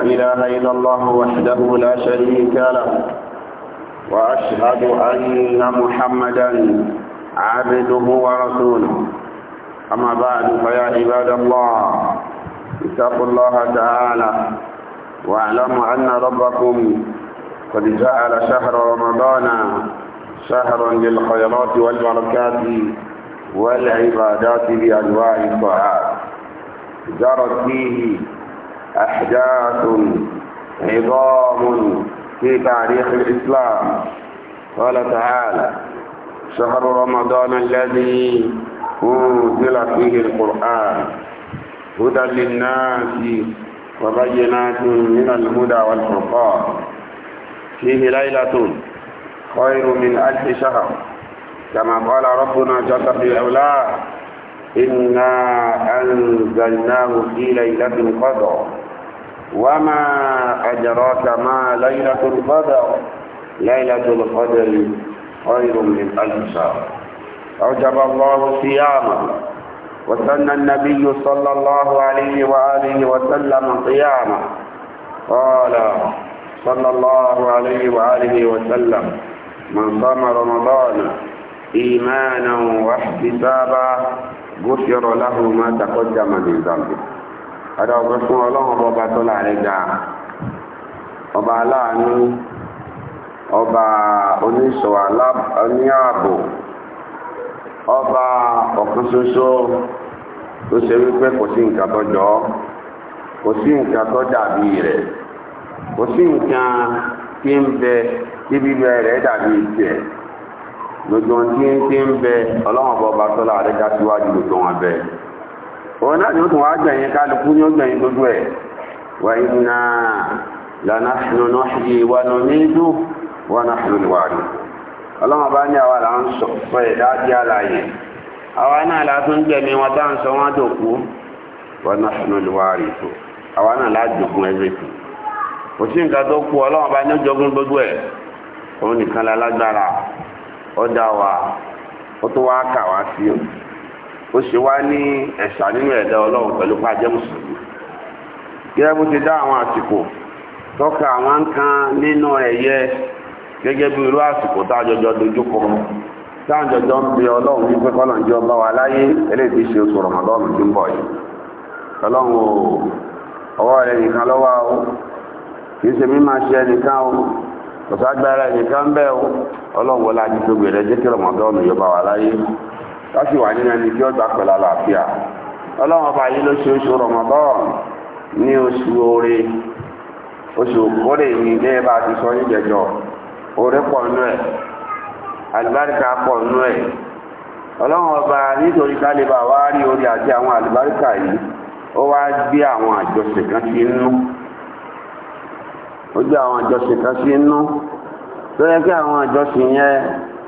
إله إلا الله وحده لا شريك له وأشهد أن محمدا عبده ورسوله أما بعد فيا عباد الله اتقوا الله تعالى واعلموا أن ربكم قد جعل شهر رمضان شهرا للخيرات والبركات والعبادات بأنواع الطاعات جرت فيه أحداث عظام في تاريخ الإسلام قال تعالى شهر رمضان الذي أنزل فيه القرآن هدى للناس وبينات من الهدى والفرقان فيه ليلة خير من ألف شهر كما قال ربنا جل في علاه إنا أنزلناه في ليلة القدر وما أدراك ما ليلة القدر ليلة القدر خير من ألف شهر أوجب الله صيامه وسن النبي صلى الله عليه وآله وسلم صيامه قال صلى الله عليه وآله وسلم من صام رمضان إيمانا واحتسابا غفر له ما تقدم من ذنبه ọ̀dọ̀ ọ̀pẹ́ ọlọ́run ọba tó láàrin ọba aláàánú ọba ní ààbò ọba ọ̀kan tó ṣe wípé kò sí nǹkan tó jọ kò sí nǹkan tó dàbí rẹ̀ kò sí nǹkan tí ń bẹ tí bíbẹ rẹ̀ dàbí tiẹ̀ gbogbo tí ń bẹ ọlọ́run ọba tó láàrin síwájú gbogbo wọn òun náà ni ó tún wá gbẹ̀yìn kálukú ni ó gbẹ̀yìn gbogbo ẹ̀ wà iná lànà nínú ṣe wà nù ní ìlú wà náà ṣe wà rí ọlọ́wọ́n ya ní àwa là ń sọ pé ìdájí àlàyé àwa náà la gbẹ̀mí wọn tá ń sọ wọn dòkú wà náà ṣe wà rí tó náà kò sí nǹkan tó kú ní ó jogún gbogbo ẹ̀ ó ṣe wá ní ẹ̀ṣà nínú ẹ̀dá ọlọ́run pẹ̀lú pàjẹ́ mùsùlùmí gẹ́gẹ́ bó ti dá àwọn àsìkò tọ́ka àwọn nǹkan nínú ẹ̀yẹ gẹ́gẹ́ bí irú àsìkò tá dojúkọ tá ń bi ọlọ́run ní ọba wa láyé eléyìí ṣe oṣù tí ń bọ̀ yìí ọlọ́run ọwọ́ nìkan lọ́wọ́ o ṣe ẹnìkan o kò ẹnìkan bẹ́ẹ̀ o ọlọ́run yọba wa láyé káṣí wà nínú ẹni tí ó gbà pẹ̀lú àlàáfíà ọlọ́run ọba yìí lóṣooṣù rọmọdọ́ọ̀n ní oṣù oore oṣù òkúrè ní ilé bá ti sọ ní jẹjọ oore pọ̀ nú ẹ̀ àlùbáríkà pọ̀ nú ẹ̀ ọlọ́run ọba nítorí kálíbà wá rí orí àti àwọn àlùbáríkà yìí ó wá gbé àwọn àjọṣe kan sí inú ó gbé àwọn àjọṣe kan sí inú tó yẹ kí àwọn àjọṣe yẹn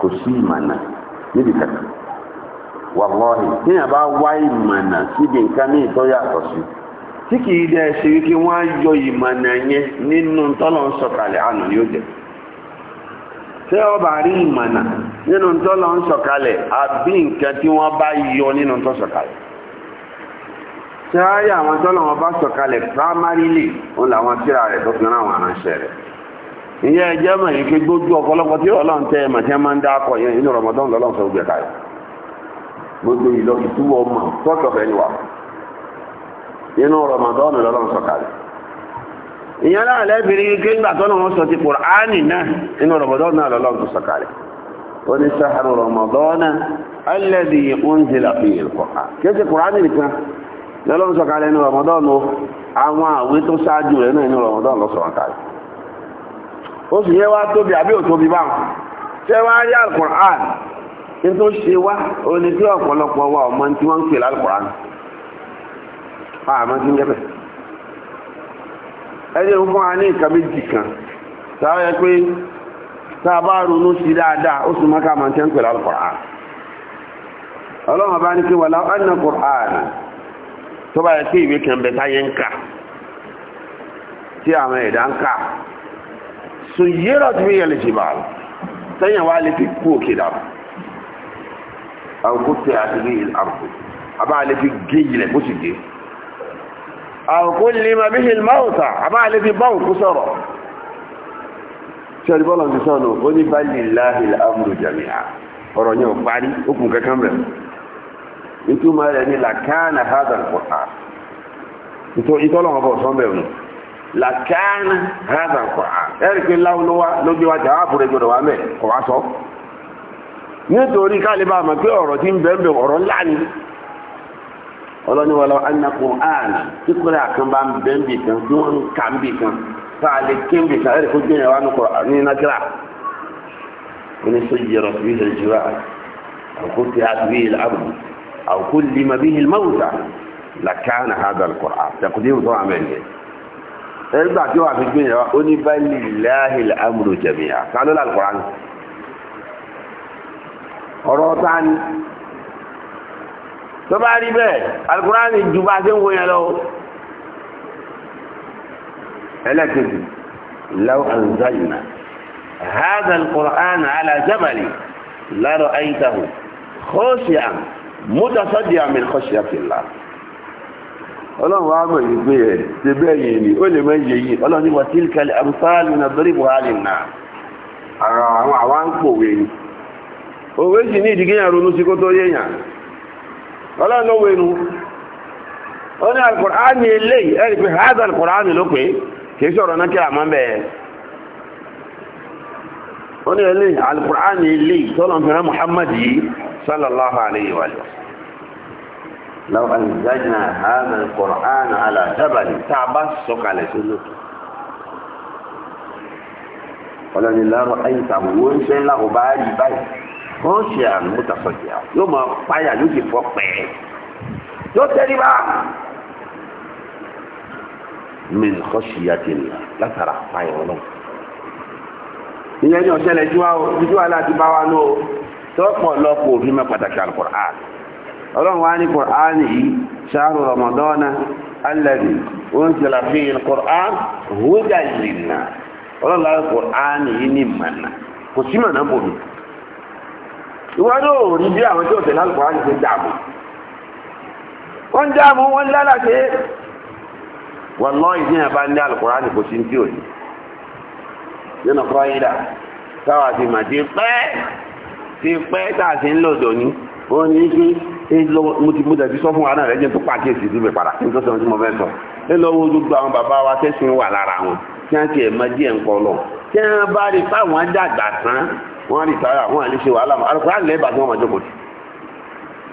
kò sí ìmànà níbi kàkà wàlọ́ọ̀hì téèyàn bá wá ìmànà síbi nǹkan ní ìtọ́ yàtọ̀ sí tí kì í dẹ ṣe wípé wọ́n á yọ ìmànà yẹn nínú tọ́lọ̀ ń sọ̀kalẹ̀ àná ni ó jẹ ṣé ọ bá rí ìmànà nínú tọ́lọ̀ ń sọ̀kalẹ̀ àbí nǹkan tí wọ́n bá yọ nínú tọ́ sọ̀kalẹ̀ ṣé á yà àwọn tọ́lọ̀ wọn bá sọ̀kalẹ̀ primarily òun làwọn tíra rẹ̀ tó fi rán àwọn aránṣẹ́ rẹ̀ ìyẹn ẹjẹ́ mọ̀ yìí pé gbójú ọ̀pọ̀lọpọ̀ tí ọlọ́run tẹ́ ẹ̀ máa ń dá akọ yẹn inú rọmọdán lọ́lọ́run sọ gbẹ káyọ̀ gbogbo ìlọ ìtúwọ̀ mọ̀ tọ́jọ́ fẹ́ ni inú rọmọdán lọ́lọ́run sọ kalẹ̀ ìyẹn náà lẹ́bìrì pé nígbà tó náà wọ́n sọ ti kùránì náà inú náà lọ́lọ́run sọ kalẹ̀ ó ní sahara alẹ́dì oṣù yẹn wá tóbi àbí ò tóbi báwọn ṣé wá rí alukur'an ní tó ṣe wá tí ọ̀pọ̀lọpọ̀ ọmọ tí wọ́n ń pè lálukur'an àmọ́ tí ń fún wa ní nǹkan méjì kan yẹ pé tá a bá ronú sí dáadáa ó sì máa ń ọlọ́run bá ní kí wà láwọn ẹ̀nà kọ̀rán tó bá yẹ ìwé táyé ń kà tí àwọn ẹ̀dá sòyérò tí wíyẹn lè ṣe bá rẹ̀ sẹ́yìn wa lè fi kú òkè dàbọ̀ àwọn kò tẹ àti ní àbùkù àbá lè fi gé ilẹ̀ bó ti gé àwọn kò lè máa bí ṣèlú máwùtà àbá lè fi bá òkú sọ̀rọ̀ sẹ́yìn bọ́lá ti sọ̀nù ó ní bá lè láhìl amúlù jàmíà ọ̀rọ̀ yẹn ò parí ó kùn kankan rẹ̀ nítorí máa rẹ̀ ní làkánà hádà kọ̀tà ìtọ́lọ́wọ́ bọ̀ sọ́mbẹ̀rún لكان هذا القرآن ẹ̀rìkì láwọlọ́wọ́ lójú wa jàwábù rẹ̀ gbọ́dọ̀ wà mẹ́ kò wá sọ nítorí kálíbà mọ̀ pé ọ̀rọ̀ tí ń bẹ̀ẹ̀bẹ̀ ọ̀rọ̀ ńlá ni ọlọ́niwọlọ́ anakun àn tí kúrẹ́ àkàn bá ń bẹ̀ẹ̀bì kan tí wọ́n ń kà ń bì kan tá a lè ké ń bì kan ẹ̀rìkì ojú ìyẹn wa ní nàkírà oníṣòjì yẹrọ fi ilẹ̀ jura àkókò tí a fi ilẹ̀ àbùkù àkókò lè má bí ilẹ̀ máwùtà làkàn ẹgbà tí wà fi gbé yẹn wọ́n ó ní báyìí láàyè amúlò jẹ̀míyà sálọ́ làlùkọ́rá ni ọ̀rọ̀ ta ni tó bá rí bẹ́ẹ̀ alùkọ́rá ni ju bá ṣe ń wo yẹn lọ ẹlẹ́kejì láwọn àǹzáyìnà هذا القرآن على جبل لرأيته خاشعا متصدعا من خشية الله ọlọ́run wá mọ̀ yìí pé ẹ̀ ṣe bẹ́ẹ̀ ni ó lè mọ iye yìí ọlọ́run ní wọ́n ti ń náà buhari náà ara àwọn àwa ń ni òwe sì ní ìdíkẹ́yàn ronú sí kó tó yéèyàn ọlọ́run ló wé nu ó ní alukùránì eléyìí ẹ̀rí pé hàdà alukùránì ló pé kì í sọ̀rọ̀ náà kí àmọ́ bẹ́ẹ̀ ó ní eléyìí eléyìí Muhammad sallallahu alayhi wa sallam لو أنزلنا هذا القرآن على جبل تعبس سكالة سلوك ولن الله رأيت أبوان سيلا أباري باي خشيا متصديا يوم فايا يجي فوق بيه yóò tẹ́ríba min khashyatillah látara fáyọ̀ lọ. ìyẹn ní ọ̀sẹ̀ lẹ́jọ́ wa o jíjú aláàtúbáwá ló tọ́pọ̀ lọ́pọ̀ òfin mẹ́ pàtàkì Al-Qur'an ọlọ́run wá ní kùránì yìí ṣáàrù ramadana alladhi unzila fihi alquran hudan linnas ọlọ́run láti kùránì yìí ní mànà kò sí mànà bòmí ìwádìí ò ní bí àwọn tí ó tẹ̀lé alquran ṣe dààmú wọ́n dààmú wọ́n lálàṣẹ wallahi kọ́ ìdá táwa ti mà ti pẹ́ ti pẹ́ tàà sí ń lòdò ní ní kí lọ mo ti mo dẹbi sọ fún wa náà lẹjẹ tó pàkí èsì síbẹ̀ padà kí n tó sọ tí mo fẹ́ sọ ẹ lọ wo gbogbo àwọn bàbá wa tẹsán wà lára wọn kí wọn tiẹ̀ mọ̀ díẹ̀ ńkọ́ lọ kí wọn bá rí fáwọn dàgbà tán wọn rí sára wọn àlè ṣe wàhálà wọn àlùkò àlè bàtí wọn mọjọ kò tì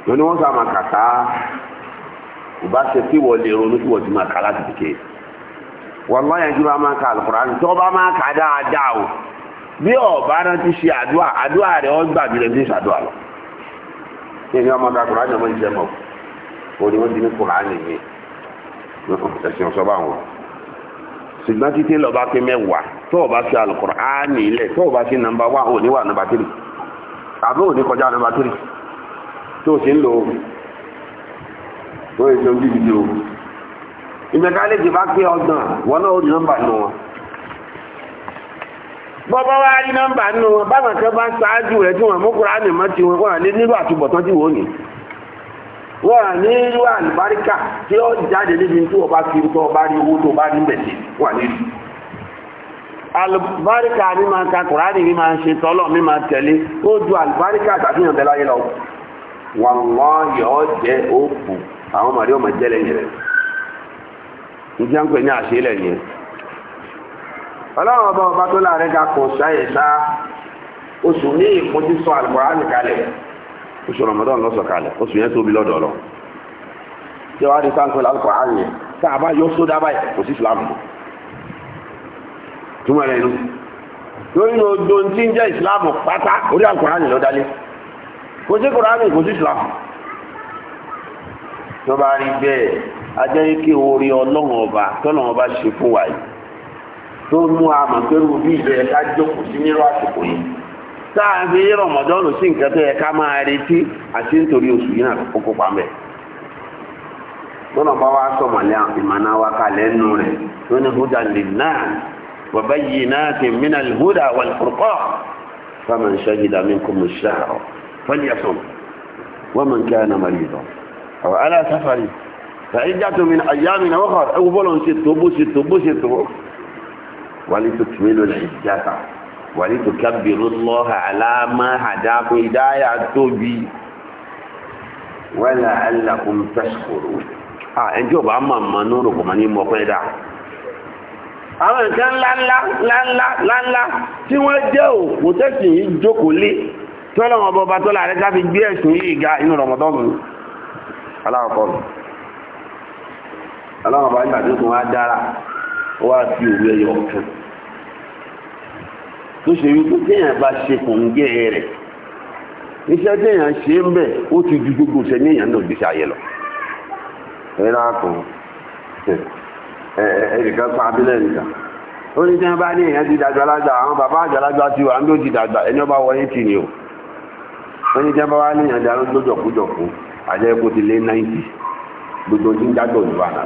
wọn ni wọn sọ àwọn kàkà ìbá ṣe kí wọn lè ronú kí wọn ti máa kà láti dìke wọn lọ yẹn kí wọn máa ka àlùkò àlè tí wọn bá máa kà dáadáa o bí ọba kí ni ọmọ kakura ni ọmọ ìṣẹ́ mọ̀ o ni wọ́n ti ní kura ni mi ẹ̀sìn ọ̀sọ́ bá wọn. ṣùgbọ́n títí lọ́ba pé mẹ́wàá tó o bá fi alukura á ní ilẹ̀ tó o bá fi nàmbà wá òní wà nàmbà tírì àbí òní kọjá nàmbà tírì tó o ṣe ń lo o èso bíbí o. ìmẹ̀ká lè ti bá pé ọgbọ̀n wọn náà ó di nọ́mbà nù wọn bọ́bá wá rí nọ́mbà nínú wọn báwọn kan bá ń ṣáájú rẹ̀ tí wọ́n mú kúránì mọ́ ti wọn wọ́n ní nílò àtúbọ̀tán tí wọ́n ní wọ́n ní irú àlùbáríkà tí ó jáde níbi tí wọ́n bá fi tó ọba rí owó tó bá rí bẹ̀tẹ̀ wọ́n ní rí àlùbáríkà ní máa ka kúránì ní máa ṣe tọ́lọ̀ ní máa tẹ̀lé ó ju àlùbáríkà àtàfihàn bẹ́ẹ̀ láyé lọ wọ́n lọ́ yọ jẹ́ òkú àwọn màrí ọmọ jẹ́lẹ̀ yẹn rẹ̀ ìjẹ́ ń pè ní àṣẹ ọlọ́run ọba ọba tó láàrin ga kò ṣàyẹ̀sá oṣù ní ìfojú sọ àlùkòránì kalẹ̀ oṣù rọmọdọ́n lọ́sọ̀ kalẹ̀ oṣù yẹn tóbi lọ́dọ̀ lọ. tí wàá di sáńkó yẹn tá a bá yọ sódà báyìí kò sí ìsìlámù túmọ̀ lórí ní tí ń jẹ́ pátá orí kò sí kò sí tó bá rí bẹ́ẹ̀ ajẹ́ tó mú àmọ̀ pé irú bí ìbẹ̀rẹ̀ ká jókòó sí nírú àsìkò yìí sáàbí rọmọdọ́nù sí nǹkan tó yẹ ká máa retí àti nítorí oṣù yìí náà kókó pamẹ́ lọ́nà bá wá sọ̀mọ̀lẹ́ ìmọ̀nà wa kalẹ̀ nù rẹ̀ tó ní húdà lè náà wa bayyinatin minal huda wal furqan faman shahida minkumu shahra falyasum wa man kana maridan aw ala safarin fa iddatun min ayyamin ukhar ẹwú bọ́lọ̀ ń ṣètò bó ṣètò bó ṣètò walitukmilu al-iddata walitukabbiru Allaha ala ma hadakum ìdáyà tóbi wa la'allakum tashkurun. à ẹjọ́ bá mọ̀ mọ́ ní orúkọ mọ́ ní mọ́pẹ́ dá. àwọn nǹkan ńláńlá ńláńlá ńláńlá tí wọ́n jẹ́ òkú tẹ́sì yìí jókòó lé tọ́lọ́ wọn bọba tọ́lá rẹ̀ ká fi gbé ẹ̀sùn yìí ga inú rọmọdọ́nù aláwọ̀ kọ́ wá sí òwe ẹyọ kan tó ṣe wípé téèyàn bá ṣe kòǹgẹ́ rẹ̀ iṣẹ́ téèyàn ṣe ń bẹ̀ ó ti ju gbogbo ṣe ní èèyàn náà gbèsè ayé lọ. ẹ̀rọ kan ẹnìkan pa abílẹ̀ nìkan ó ní tí bá ní èèyàn ti dàgbà alágbà àwọn bàbá àgbàlagbà ti wà ń bí ti dàgbà ẹni ọba wọlé tì ní o ó ní tí bá wá ní èèyàn dàrú lójọkújọkú àjẹ́ kó ti lé 90 gbogbo ti ń dágbà òdùbà náà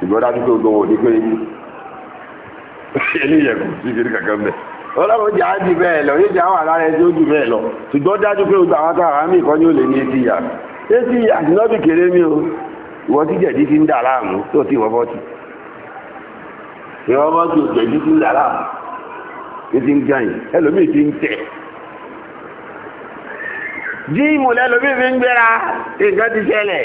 ṣùgbọ́n dájú tó gbọ́n òní pé eléyẹ̀kù sí kiri kankan bẹ̀. ọlọ́run jà á di bẹ́ẹ̀ lọ yóò jà wà lára ẹjọ́ jù bẹ́ẹ̀ lọ ṣùgbọ́n dájú pé gbogbo àwọn táwọn àmì ìkọ́ni ò lè ní etí yà etí àtìlọ́bì kéré mi o ìwọ tí jẹ̀dí ti ń dà láàmú tó ti ìwọ́ bọ́tì ìwọ́ bọ́tì jẹ̀dí ti ń dà láàmú etí ń gàn yìí ẹlòmíì ti ń tẹ̀ jíìmù lẹ́lòmíì fi ń gbéra nǹkan ti ṣẹlẹ̀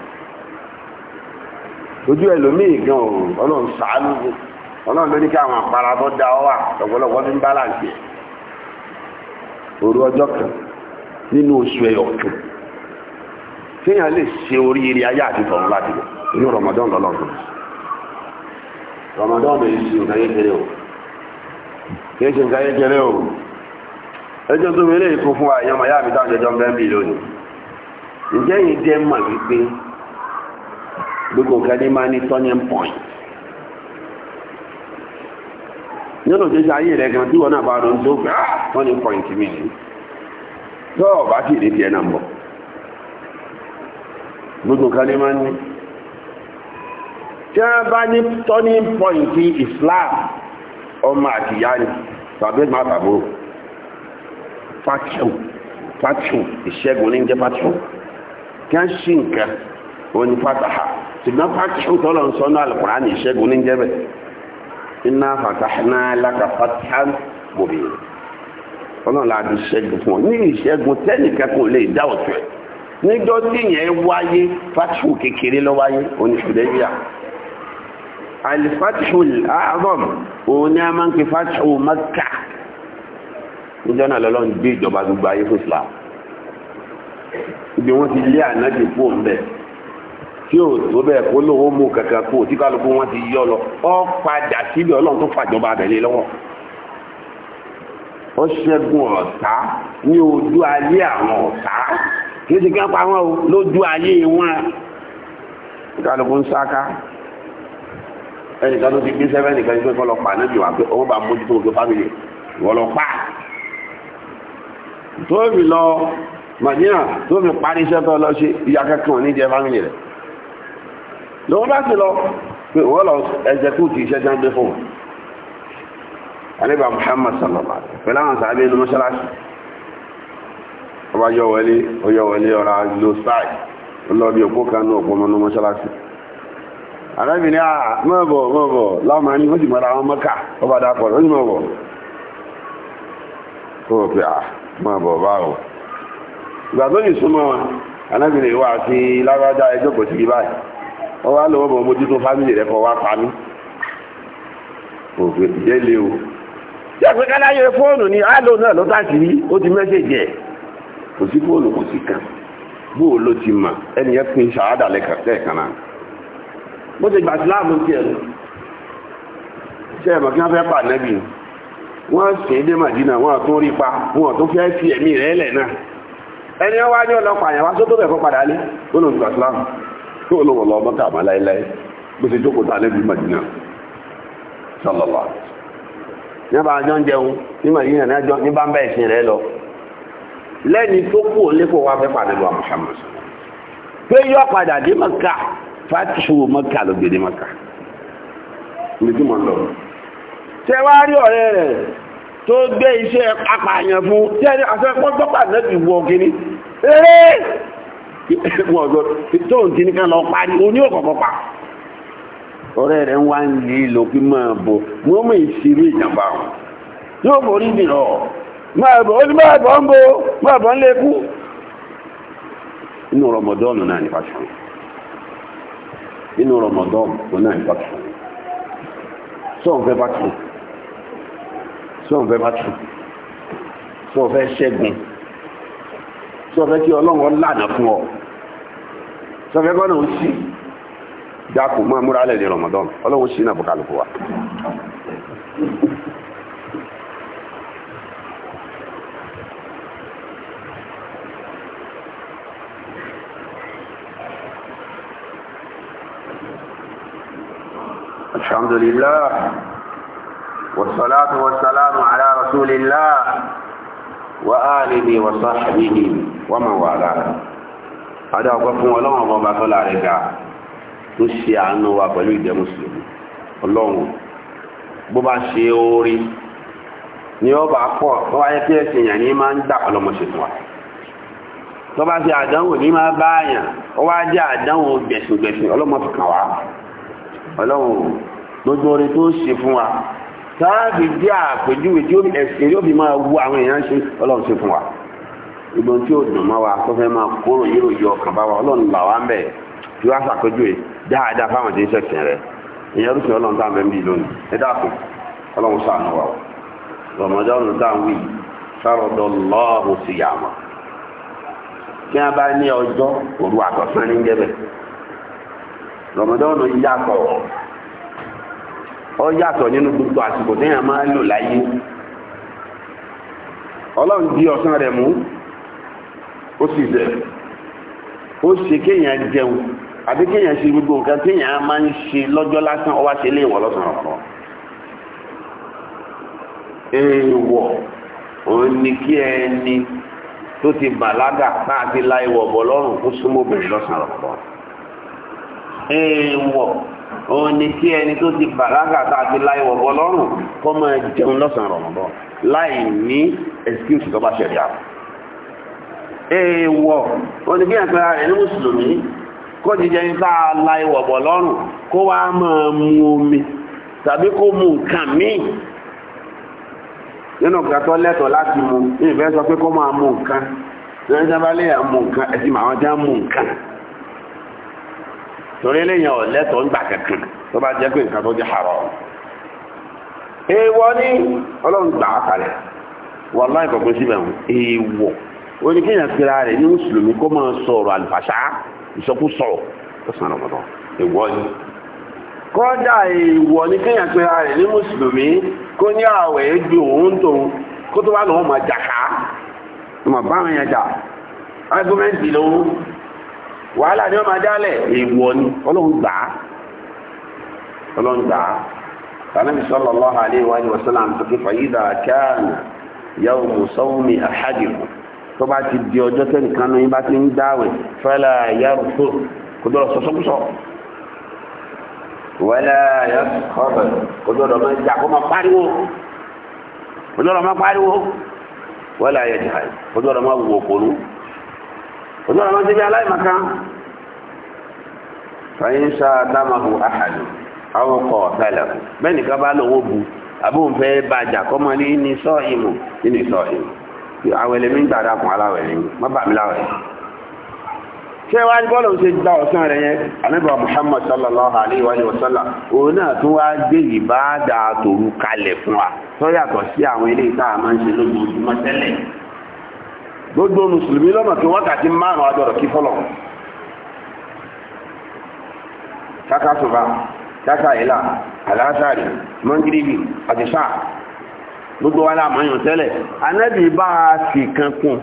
ojú ẹlòmíì gan o ọlọ́run sàánú ni ọlọ́run ló ní kí àwọn àpárá tó da ọ wà ọ̀pọ̀lọpọ̀ ní òru ọjọ́ kan nínú oṣù ẹ̀yọ̀ kan kéèyàn lè ṣe oríire ayé àti tọ̀run láti lọ inú Ramadan Ramadan lè ṣe nǹkan o ṣe nǹkan o ẹjọ́ tó fi eléyìí kún fún wa mi jẹjọ́ ǹjẹ́ yìí jẹ́ mọ̀ wípé gbogbo nǹkan ní máa ní turning point nínú ìgbésí ayé rẹ̀ gan tí wọ́n náà bá ronú tó gbà ah, turning point mi ni tó ọ̀bá sì rí tiẹ̀ náà bọ̀ gbogbo nǹkan ní máa ní tí wọ́n bá ní turning point Islam ọmọ àtìyá ni tàbí máa tàbó fàtíhùn fàtíhùn ìṣẹ́gun ní jẹ́ fàtíhùn kí wọ́n ṣí nǹkan òun ni fàtàhà ṣùgbọ́n fàtíhù tọ́lọ̀ ń sọ ní alùkùránì ìṣẹ́gun ní jẹ́bẹ̀ iná fàtàhánà lákà fàtíhán bòbí ọlọ́run láti ṣẹ́gun fún ọ ní ìṣẹ́gun tẹ́nìkan kò lè dá ọ̀tún ẹ̀ níjọ́ tí yẹn wáyé fàtíhù kékeré ló wáyé oníṣùdẹ́yà alifatihu al-a'zam òun ni a máa ń pe fatihu Makka níjọ́ náà lọ́lọ́run gbé ìjọba gbogbo ayé fún Islam ibi wọ́n ti lé ànájì tí ò tó bẹ́ẹ̀ kó lówó mú kankan kú tí kálukú wọn ti yọ lọ ọ padà síbi ọlọ́run tó fàjọba abẹ́lé lọ́wọ́ ó ṣẹ́gun ọ̀tá ní ojú ayé àwọn ọ̀tá kì í ṣe kí wọ́n pa wọn o lójú ayé wọn kálukú ń sáká ẹnìkan tó ti gbé sẹ́fẹ́ nìkan tó kọ́ lọ pa níbi wà pé ọwọ́ bá mójútó ojú fámìlì wọ́n lọ pa tóbi lọ màdínà tóbi parí iṣẹ́ tó lọ ṣe ìyá kẹ́kọ̀ọ́ níjẹ fámìlì rẹ̀ lọ́wọ́ bá ti lọ pé wọ́n lọ ẹ̀jẹ̀ kú ti iṣẹ́ jáde fún wọn alẹ́bà Muhammad sallọ́bà pẹ̀lú àwọn sàábé inú mọ́ṣáláṣì ọba yọwọlé ọyọwọlé ọ̀rá lo spy lọ́bí òpó kan ní òpó mọ́nú mọ́ṣáláṣì arábìnrin àà ah, mọ́bọ̀ mọ́bọ̀ láwọn ní fújì mọ́ra àwọn mọ́kà ọba dápọ̀ lójú mọ́bọ̀ tó ah, o pé à mọ́bọ̀ báwo ìgbà tó yìí súnmọ́ arábìnrin wà sí lágbájá ẹjọ́ kò sí báyìí wọ́n wá lọ́wọ́ bọ̀ mójútó fámìlì rẹ̀ kọ́ wá pa òfin ìjẹ́ lé o tí a pé ká láyé fóònù ni alo náà ló tàbí rí ti mẹ́sẹ̀jì ẹ̀ kò sí fóònù kò sí kan bó o ti mà pin ṣàádà lẹ́ẹ̀kan náà ti gbà síláàmù lọ ṣe kí pa sì ń dé màdínà tún pa tún fi náà ẹni wá ní yẹn wá sótó tí wọ́n lọ́wọ́ lọ́wọ́ mọ́ta àmà láíláí bó ṣe jókòó tá lẹ́bí Madina sọlọ́lá nígbà àjọ ń jẹun ní Madina níjọ ní bá ń bá ẹ̀sìn rẹ lọ lẹ́ni tó kú lẹ́kọ̀ọ́ wá fẹ́ pàdánù Muhammad pé yọ padà dé Mẹ́kà fàtìṣù Mẹ́kà ló gbé dé Mẹ́kà ní tí mo lọ ṣe wá rí ọ̀rẹ́ rẹ̀ tó iṣẹ́ apààyàn fún tí ẹni àṣẹ pọ́ńtọ́pà náà ti wọ kíní eré wọn ọjọ́ tó ń ti nìkan lọ parí oní pa ọ̀rẹ́ rẹ̀ ń wá ń lè lò kí máa bọ̀ wọ́n mọ̀ ìṣirò ìjàmbá wọn yóò borí bìrọ̀ máa bọ̀ ó ní máa bọ̀ ń bo máa bọ̀ ń lékú inú rọmọdọ́ọ̀nù náà inú rọmọdọ́ọ̀nù náà sọ́ọ̀fẹ́ bá tù sọ́ọ̀fẹ́ bá tù sọ́ọ̀fẹ́ ṣẹ́gun sọ́ọ̀fẹ́ kí ọlọ́run lànà sọfẹ́ gbọ́dọ̀ ó sí dákò máa múra alẹ́ ní Ramadan ọlọ́run sí náà bùkálùkù wa الحمد لله والصلاة والسلام على رسول الله وآله وصحبه ومن والاه adá ọpẹ́ fún ọlọ́run ọba ọba tọ́lá rẹ̀ ga tó ṣe àánú wa pẹ̀lú ìjẹ́ mùsùlùmí ọlọ́run bó bá ṣe oore ni ọba pọ̀ tó wáyé pé ẹ̀sìn yàn ní máa ń dà ọlọ́mọṣẹ́ fún wa tó bá ṣe àdánwò ní máa bá àyàn ó wá jẹ́ àdánwò gbẹ̀sùngbẹ̀sùn ọlọ́mọ fi kàn wá gbogbo oore tó ṣe fún wa táàbì jẹ́ àpèjúwe tí ẹ̀sìn yóò fi máa wú àwọn èèyàn ṣe ọlọ́run fún wa. ìgbọ́n tí ó dùn mọ́ wa tó fẹ́ máa kóró yìí yọ ọkàn bá wa ọlọ́run là wá ń bẹ̀ tí wọ́n ẹ̀ dáadáa fáwọn tí ń ṣẹ̀ṣẹ̀ rẹ̀ ìyẹn rúṣin ọlọ́run tá à ń bẹ̀ ń bì lónìí ẹ dákun ọlọ́run wa o rọmọdé tá à ń wí lọ́ọ̀hún sí yàmọ̀ kí wọ́n bá ní ọjọ́ òru àtọ̀sán ní gẹ́bẹ̀ rọmọdé ọ ó sì bẹ̀ ó ṣe kéèyàn jẹun àbí kéèyàn ṣe gbogbo nǹkan téèyàn máa ń ṣe lọ́jọ́ lásán ọwá ṣe léèwọ̀ lọ́sàn-án ọ̀pọ̀ èèwọ̀ òun ni kí ẹni tó ti bàlágà káàkiri la ìwọ̀ bọ̀ lọ́rùn kó súnmọ́ obìnrin lọ́sàn-án ọ̀pọ̀ èèwọ̀ òun ni kí ẹni tó ti bàlágà káàkiri la ìwọ̀ bọ̀ lọ́rùn kó máa jẹun lọ́sàn-án ọ̀pọ̀ láì ní excuse tó bá ṣẹlẹ̀ àpò èèwọ̀ oníkíyàn pẹ̀lá rẹ̀ ní mùsùlùmí kó jíjẹ ní tá a la ìwọ̀bọ̀ lọ́rùn kó wá omi tàbí kó mu nǹkan míì nínú ọ̀gá tó láti mu ìfẹ́ sọ pé kó mu nǹkan ní ẹjọ́ bá lè mu nǹkan ẹ̀sì nǹkan torí eléyàn kankan tó bá jẹ́ pé nǹkan tó jẹ́ àrọ̀ ọlọ́run gbà á kalẹ̀ wọ́n láì ó ní kéèyàn pera rẹ̀ ní mùsùlùmí kó máa sọ̀rọ̀ àlùfàṣà ìsọkúsọ ọ̀sán ọ̀mọ̀dọ̀ èèwọ̀ ni. kọ́dà èèwọ̀ ni kéèyàn pera rẹ̀ ní mùsùlùmí kó ní àwẹ̀ ju òun tó kó tó bá lọ́wọ́ máa jàkà máa bá àwọn yẹn jà ágúmẹ́ǹtì lówó wàhálà ni wọ́n máa dálẹ̀ èèwọ̀ ni ọlọ́run gbà á ọlọ́run gbà á. النبي صلى الله عليه وآله وسلم فإذا كان يوم صوم أحدكم tó bá ti di ọjọ́ tẹ́nìkan ní bá ti ń dáwẹ̀ fẹ́lá yàrù tó kò dọ̀rọ̀ sọ́sọ́kúsọ́ wẹ́lá yàrù kọ́bẹ̀ kò dọ̀rọ̀ mọ́ ìjà kó máa pariwo kò dọ̀rọ̀ máa pariwo wẹ́lá yẹ jàì kò dọ̀rọ̀ máa wò kòrú kò dọ̀rọ̀ máa débi aláìmọ̀ká fàyínṣà dámàbò àhàlù àwọn ọ̀tàlẹ̀ bẹ́ẹ̀ nìkan bá lọ́wọ́ bu àbóǹfẹ́ bàjà kọ́mọlé ní sọ́ọ̀ìmù nínú sọ́ọ̀ìmù àwẹ̀lẹ̀ mi ń gbàdá kan aláwẹ̀ ni má bà mí láwẹ̀ ṣé wá ní bọ́ọ̀lù ṣe gba ọ̀sán rẹ̀ yẹn anábà Muhammad sallallahu alayhi wa sallam òun náà tún wá gbé ìbáàdà tòru kalẹ̀ fún wa tó yàtọ̀ sí àwọn ilé ìta àmọ́ ń ṣe lójoojúmọ́ gbogbo wa la mọ̀ yàn tẹ́lẹ̀ anábì bá a sì kan kún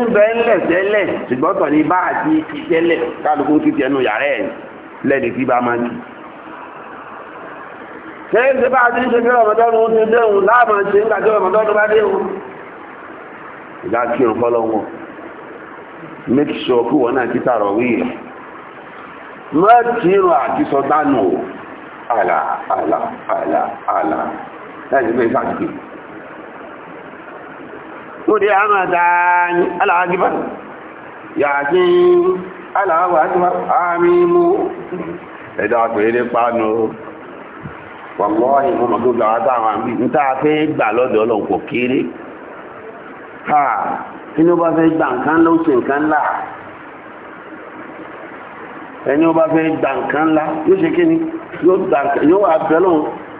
ń bẹ ńlẹ̀ tẹ́lẹ̀ ṣùgbọ́n tọ̀ ní bá a ti kí tẹ́lẹ̀ kálukú ti tẹnu yàrá ẹ̀ lẹ́ni tí bá máa ń kí. kẹ́hìn tí bá a ti ń ṣe kí ọmọdọ́nu ó ti déhùn láàmú ṣe ń gbàgbé ọmọdọ́nu bá déhùn. ìgbà kí n fọlọ́ wọn make sure kí wọn náà ti tààrọ̀ wíyà mọ́tìrún àti sọ̀dánù àlà àlà àlà àlà láti gbé káàkiri ó dé àmà dáni aláwájúbá yàtí aláwájúbá àmìmú ẹ̀dà pẹ̀lú pánú wọ̀lọ́ ìmọ̀mọ̀ tó gbà wátá àwọn àmì ń tàà fẹ́ gbà lọ́dọ̀ ọlọ́pọ̀ kéré ha tí ó bá fẹ́ gbà nǹkan ló ṣe nǹkan ńlá ẹni ó bá fẹ́ gbà nǹkan ńlá yóò ṣe kí ni yóò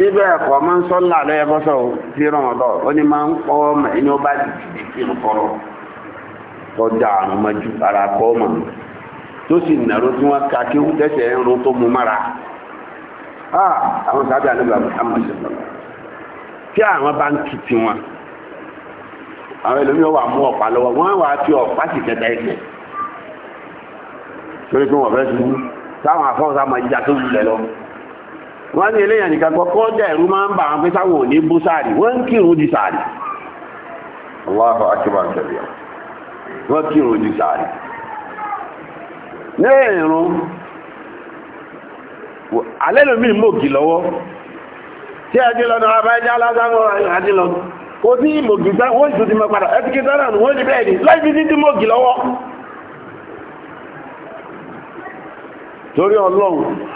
níbẹ̀ ẹ̀kọ́ máa ń sọ́là lẹ́yẹbọ́sọ̀ sí rọmọdọ́ ó ní máa ń n ọmọ ẹni ó bá dìde kí n kọ́rọ̀ tọ́jà àrùn ara kọ́ ọmọ tó sì nàró tí wọ́n ka kí tẹ́sẹ̀ ń ro tó mu mára àwọn a àlebà Muhammad tí àwọn bá ń tutù wọn àwọn ẹlòmíràn wà mú ọ̀pá lọ́wọ́ wọ́n wà á fi ọ̀pá sì kẹta ẹ̀kẹ́ torí pé wọ́n fẹ́ wọ́n ní eléyàn nìkan kọ́kọ́ jẹ́ ẹ̀rú máa ń bà wọn pé sáwọn ò ní bú sáàrì wọ́n ń kírun di sáàrì Allahu akbar wọ́n kírun di sáàrì ní ìrún alẹ́ lómi mògì lọ́wọ́ tí a jẹ́ lọ́nà àbájá lásánwọ́ àti lọ kò sí mògì onye wọ́n be ti mọ́ padà ẹ́tìkì sáà wọ́n bẹ́ẹ̀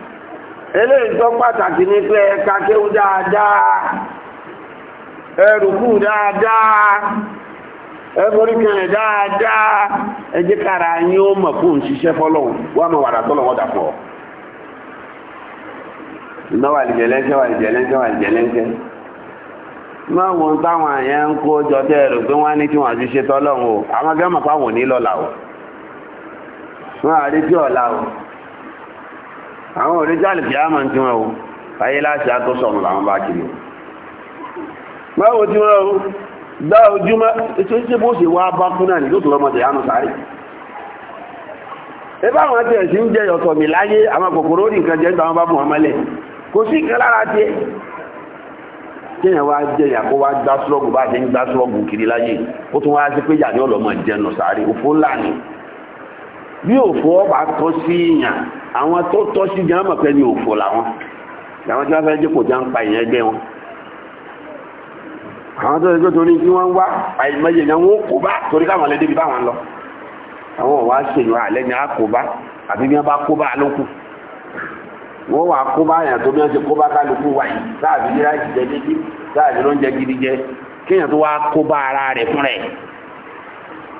ele tó pàtàkì ní pé ẹka kéwú dáadáa ẹrùkú dáadáa ẹforíkẹrẹ dáadáa ẹjẹ́ kára yí ó mọ̀ fún ṣiṣẹ́ wà wọn táwọn àyẹ́ ń kó jọ tẹ́ ẹ̀rù pé wọ́n ní wọ́n àwọn gẹ́mọ̀ wọ́n àrí àwọn òrìjáàlì kìí àmà tí wọ́n o ayé láti àtọ́sọ̀ ọ̀nà làwọn bá kiri báwo tí wọ́n o gbá ojúmọ́ ètò ìṣe bó ṣe wá bá kú náà ní lóòtù lọ́mọdé yánu sáré ebá àwọn àti ẹ̀sìn jẹ́ ọ̀tọ̀ mi láyé àwọn kòkòrò ní nǹkan jẹ́ ń tàwọn bá bù wọn mọ́lẹ̀ kò sí nǹkan lára tiẹ̀ kéèyàn wá jẹ yà kó wá gbá sọ́ọ̀gù bá ti ń gbá sọ́ọ̀gù kiri láyé ó tún wá sí bí òfò ọba tọ́ sí yàn àwọn tó tọ́ sí jẹ́ àmọ̀ pé ní òfò làwọn àwọn tí wọ́n fẹ́ jẹ́pọ̀ tí ń pa ìyẹn ẹgbẹ́ wọn àwọn tó ẹgbẹ́ torí tí wọ́n wá àìmọye ni wọ́n kó bá torí káwọn lè débi báwọn lọ àwọn wá ṣèlú alẹ́ ni a kó bá àbí bí wọ́n bá kó bá lókù wọ́n wà kó bá àyàn tó bí wọ́n ṣe kó bá kálukú wà yìí láàbí jẹ́ láì jẹ́ débi láàbí ló ń jẹ gidi jẹ kéèyàn tó wá kó bá ara rẹ̀ fún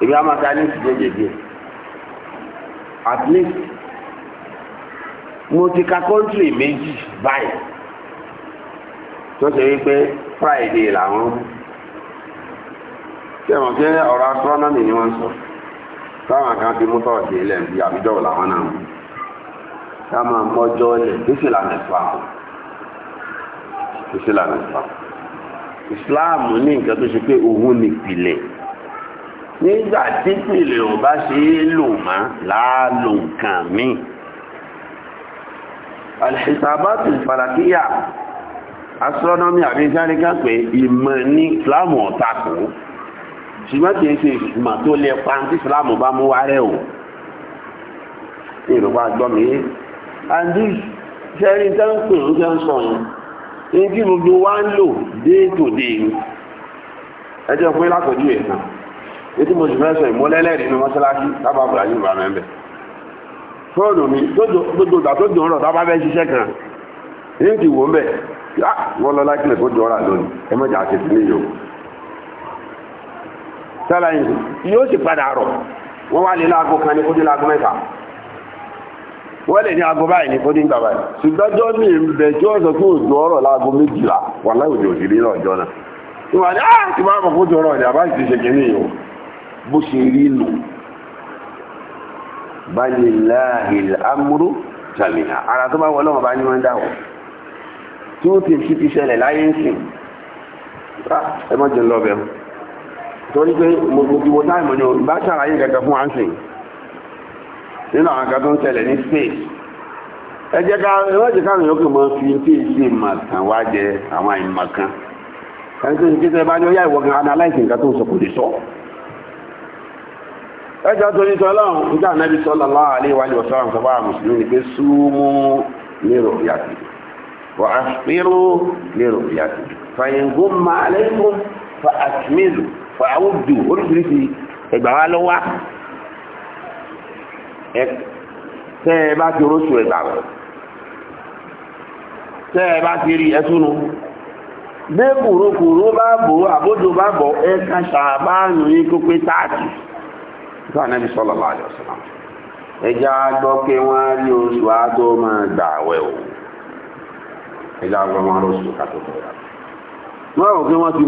èmi á máa ta ní ìsìnkú jẹjẹ at least mo ti ka kọ́ńtìrì méjì báyìí tó ṣe wípé friday làwọn tẹ̀wọ̀n pé ọ̀rọ̀ astronomy ni wọ́n sọ táwọn kan ti mú tọ́ọ̀sì ilẹ̀ bí àbíjọ́ làwọn náà mú ká máa mọ́jọ́ ilẹ̀ tó sì lànà islam tó sì lànà islam islam ní nǹkan tó ṣe pé òun nìpìlẹ̀ nígbà tí pèlè ò bá ṣe é lò mọ́ láàlò nǹkan míì alìsàbátì fàlàkíyà astronomy àbíjáríká pé ìmọ̀ ní islamu ọ̀tàkù ṣùgbọ́n kì í ṣe ìmọ̀ tó lè pa tí islamu bá mú wárẹ̀ o ìrùbá gbọ́mí and this ṣẹ́rí tẹ́ pè ń ẹjọ́ pé lápẹ̀jú ẹ̀ ètí mo sì fẹ́ sọ ìmọ́lẹ́lẹ́rìí ní mọ́sálásí tábà bùràdì bá mẹ́mbẹ́ fóònù mi gbogbo ìgbà tó dùn ọ̀rọ̀ tábà fẹ́ ṣiṣẹ́ kan ní ti wò ń bẹ̀ wọ́n lọ lákìlẹ̀ tó dùn ọ̀rọ̀ lónìí ẹ mọ́jà àti ìpínlẹ̀ yìí o sálà yìí yóò sì padà rọ̀ wọ́n wá lé láago kan ní kó dé láago mẹ́ta wọ́n lè ní aago báyìí ní kó dé gbà báyìí ṣùgbọ́jọ́ mi ń bẹ̀ tí wọ́n sọ pé òjò ọ̀rọ̀ láago méjìlá wà láwùjọ òṣèlú náà jọ náà ìwà ni ah, á ti máa mọ̀ kó bó ṣe rí nù balilahi amúrú jami'a ara tó bá wọ lọ́wọ́ bá ní wọ́n dáwọ̀ tí ó ti ti ṣẹlẹ̀ láyé ń sìn ẹ mọ́ jẹun lọ́bẹ̀ torí pé mo ti wo táìmù ni bá ṣàlàyé kankan fún àǹsìn nínú àwọn kan tó ń ṣẹlẹ̀ ní space ẹ jẹ́ ká ẹ wọ́n jẹ́ káwọn yòókù mọ́ fi tí ì sí ìmọ̀kan wá jẹ àwọn àìmọ̀kan ẹni tó ń kí sẹ́ bá ní ó yá ìwọ̀gan analyze nǹkan tó ń sọ kò lè sọ ẹjọ́ tó ní sọlọ́run nígbà nẹ́bí sọ́lọ́ lọ́wọ́ àlẹ́ ìwádìí ọ̀sọ́rọ̀ ni pé súnmú lérò ìyàtì wà á pérò lérò ìyàtì fàyẹ̀ngó máa lẹ́kùn àtìmílù fa àwùjù oríṣiríṣi ẹgbà wa ẹ bá ti oróṣù ẹgbà tẹ́ ẹ bá ti rí tó ànábì sallallahu alaihi wasallam ẹjá gbọ́ pé wọ́n rí oṣù máa gbà àwẹ̀ o gbọ́ wọn rí oṣù kátó tó yà wọ́n rò pé wọ́n ti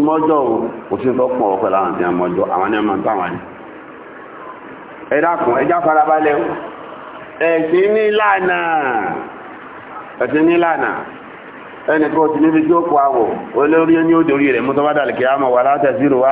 o tó pọ̀ láwọn ti mọ́jọ́ àwọn táwọn farabalẹ̀ ẹ̀sìn ti níbi tí ó kọ àwọ̀ olórí ẹni ó dorí rẹ̀ bá wà látẹ̀ zero wá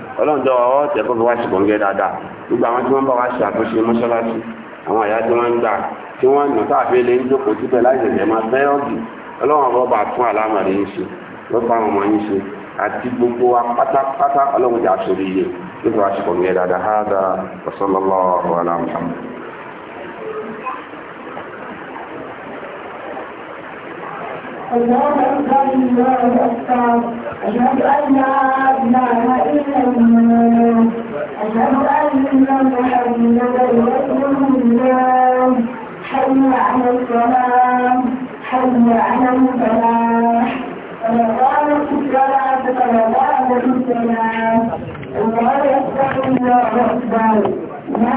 ọlọ́njọ́ ọwọ́ tẹ̀ kó fi wá ṣùgbọ́n gẹ́ dáadáa gbogbo àwọn tí wọ́n bá wá ṣe àtúnṣe mọ́ṣáláṣí àwọn àyà tí wọ́n ń gbà tí wọ́n nù káàfin lè ń jókòó síbẹ̀ láì ṣẹ̀ṣẹ̀ máa fẹ́ ọ̀gì ọlọ́run ọ̀rọ̀ bá tún àlámọ̀rí yín ṣe ló fa àwọn ọmọ yín ṣe àti gbogbo wa pátápátá ọlọ́run jà sórí iye ló fi wá ṣùgbọ́n gẹ́ dáadáa الله أكبر الله أكبر أشهد أن لا إله إلا الله أشهد أن محمدا رسول الله حي على الصلاة حي على الفلاح قد قامت الصلاة قد قامت الصلاة الله أكبر الله أكبر